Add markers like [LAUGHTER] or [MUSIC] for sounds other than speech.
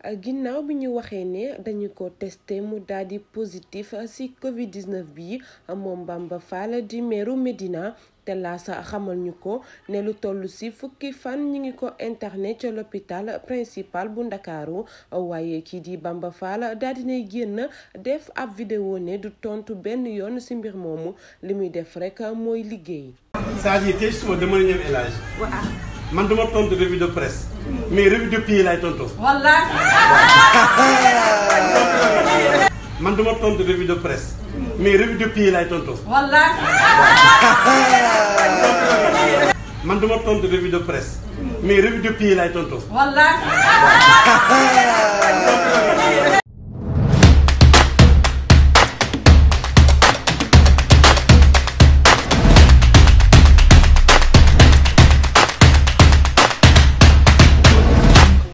ginnaaw bi ñu waxee ne dañu ko testé mu daal di positif ci Covid bi moom Bamba Fall di meeru Medina. te laasa xamal ñu ko ne lu toll ci fukki fan ñu ngi ko interné ca l'hôpital principal bu ndakaaru waaye kii di Bamba Fall daal dinay génn def ab vidéo ne du tontu benn yoon ci mbir moomu limuy def rekk mooy liggéey. man duma tontu revue de presse mais revue de pays lay tontu. wallaahi. [LAUGHS] man duma tontu revue de presse mais revue de pays lay tontu. wallaahi. man duma tontu revue de presse mais revue de pays lay tontu. wallaahi. [LAUGHS]